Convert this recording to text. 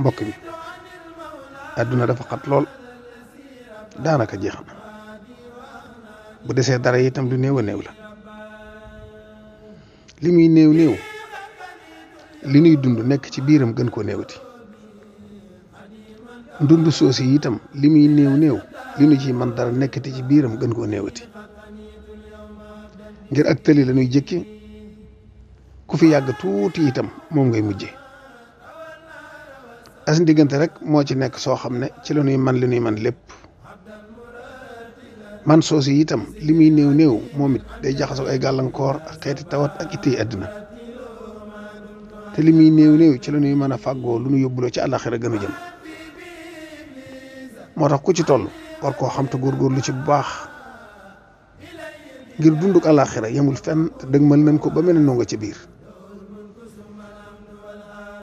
mbokk bi àdduna dafa xat lool daanaka jeexam na bu desee dara itam du néew a néew la li muy néew néew li nuy dund nekk ci biiram gën koo néewati ndund soosi itam li muy néew néew li nu ci man dara nekkati ci biiram gën koo néewati ngir ak tëli la ñuy jëkke ku fi yàgg tuuti itam moom ngay mujje as diggante rek moo ci nekk soo xam ne ci la ñuy man li ñuy man lépp man soos yi itam li muy néew néew moom it day jaxasoo ay gàllankoor ak xeeti tawat ak ittey àddina te li muy néew néew ci la ñuy mën a fàggoo lu ñu yóbbuloo ci àllaxira gën a jëm moo tax ku ci toll war koo xam te lu ci bu baax ngir dunduk àllaxira yemul fenn te dëgmal nañ ko ba mel ne ca biir